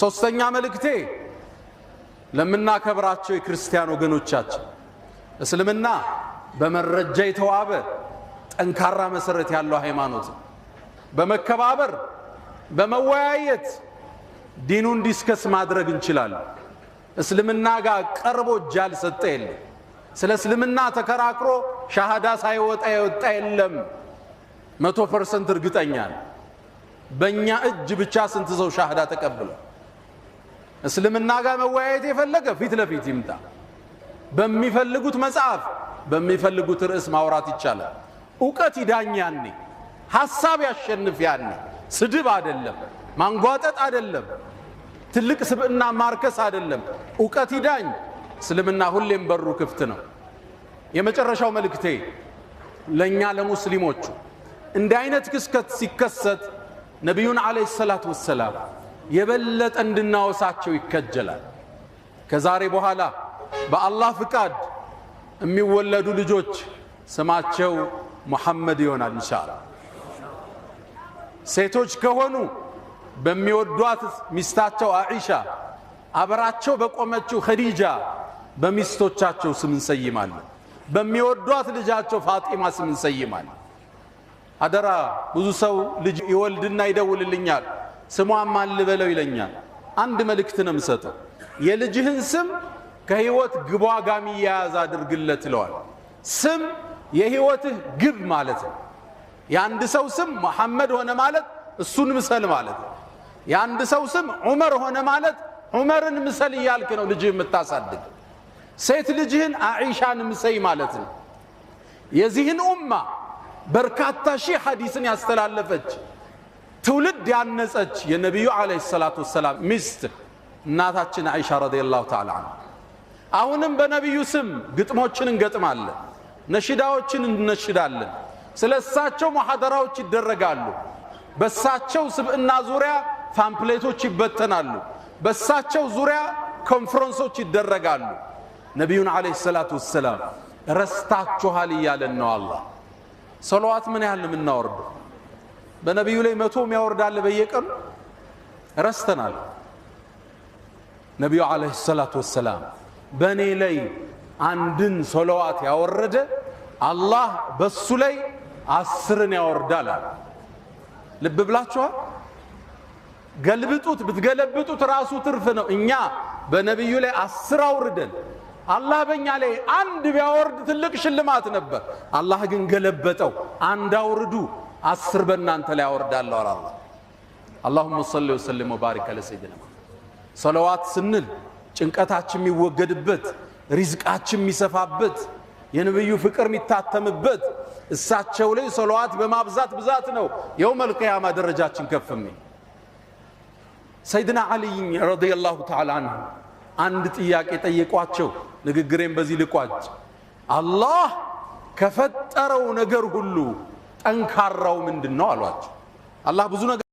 ሶስተኛ መልእክቴ ለምናከብራቸው የክርስቲያን ወገኖቻችን እስልምና በመረጃ የተዋበ ጠንካራ መሰረት ያለው ሃይማኖት በመከባበር በመወያየት ዲኑን ዲስከስ ማድረግ እንችላለን። እስልምና ጋር ቀርቦ እጅ ያልሰጠ የለም። ስለ እስልምና ተከራክሮ ሻሃዳ ሳይወጣ የወጣ የለም። መቶ ፐርሰንት እርግጠኛ ነው። በእኛ እጅ ብቻ ስንት ሰው ሻሃዳ ተቀብሏል? እስልምና ጋር መወያየት የፈለገ ፊት ለፊት ይምጣ። በሚፈልጉት መጽሐፍ በሚፈልጉት ርዕስ ማውራት ይቻላል። እውቀት ይዳኝ ያኔ፣ ሐሳብ ያሸንፍ ያኔ። ስድብ አደለም፣ ማንጓጠጥ አደለም፣ ትልቅ ስብዕና ማርከስ አደለም። እውቀት ይዳኝ። እስልምና ሁሌም በሩ ክፍት ነው። የመጨረሻው መልእክቴ ለእኛ ለሙስሊሞቹ እንደ አይነት ክስከት ሲከሰት ነቢዩን ዓለይሂ ሰላት ወሰላም የበለጠ እንድናወሳቸው ይከጀላል። ከዛሬ በኋላ በአላህ ፍቃድ የሚወለዱ ልጆች ስማቸው ሙሐመድ ይሆናል ኢንሻአላህ። ሴቶች ከሆኑ በሚወዷት ሚስታቸው አኢሻ፣ አብራቸው በቆመችው ኸዲጃ በሚስቶቻቸው ስም እንሰይማለን። በሚወዷት ልጃቸው ፋጢማ ስም እንሰይማለን። አደራ ብዙ ሰው ልጅ ይወልድና ይደውልልኛል ስሟን ማን ልበለው ይለኛል። አንድ መልእክት ነው የምሰጠው። የልጅህን ስም ከህይወት ግቧ ጋሚ የያዝ አድርግለት ይለዋል። ስም የህይወትህ ግብ ማለት ነው። የአንድ ሰው ስም መሐመድ ሆነ ማለት እሱን ምሰል ማለት ነው። የአንድ ሰው ስም ዑመር ሆነ ማለት ዑመርን ምሰል እያልክ ነው ልጅህ የምታሳድግ። ሴት ልጅህን አኢሻን ምሰይ ማለት ነው። የዚህን ኡማ በርካታ ሺህ ሐዲስን ያስተላለፈች ትውልድ ያነጸች የነቢዩ ዓለይሂ ሰላቱ ወሰላም ሚስት እናታችን አይሻ ረዲየላሁ ተዓላ አንሃ አሁንም በነቢዩ ስም ግጥሞችን እንገጥማለን፣ ነሽዳዎችን እንነሽዳለን። ስለ እሳቸው ሙሐደራዎች ይደረጋሉ። በእሳቸው ስብዕና ዙሪያ ፓምፕሌቶች ይበተናሉ። በእሳቸው ዙሪያ ኮንፈረንሶች ይደረጋሉ። ነቢዩን ዓለይሂ ሰላቱ ወሰላም ረስታችኋል እያለን ነው አላህ። ሰለዋት ምን ያህል የምናወርደው በነቢዩ ላይ መቶ የሚያወርዳለ በየቀኑ ረስተናል። ነቢዩ ዓለይሂ ሰላቱ ወሰላም በእኔ ላይ አንድን ሰለዋት ያወረደ አላህ በሱ ላይ አስርን ያወርዳል አለ። ልብ ብላችኋል። ገልብጡት፣ ብትገለብጡት ራሱ ትርፍ ነው። እኛ በነቢዩ ላይ አስር አውርደን አላህ በእኛ ላይ አንድ ቢያወርድ ትልቅ ሽልማት ነበር። አላህ ግን ገለበጠው። አንድ አውርዱ አስር በእናንተ ላይ አወርዳለሁ አለ አላሁመ ሰሊ ወሰሊም ወባሪክ አለ ሰይድና ሰለዋት ስንል ጭንቀታችን የሚወገድበት ሪዝቃችን የሚሰፋበት የነብዩ ፍቅር የሚታተምበት እሳቸው ላይ ሰለዋት በማብዛት ብዛት ነው የውመል ቂያማ ደረጃችን ከፍ የሚል። ሰይድና ዓሊይ ረዲየላሁ ተዓላ አንሁ አንድ ጥያቄ ጠየቋቸው። ንግግሬን በዚህ ልቋጭ። አላህ ከፈጠረው ነገር ሁሉ ጠንካራው ምንድን ነው አሏቸው። አላህ ብዙ ነገር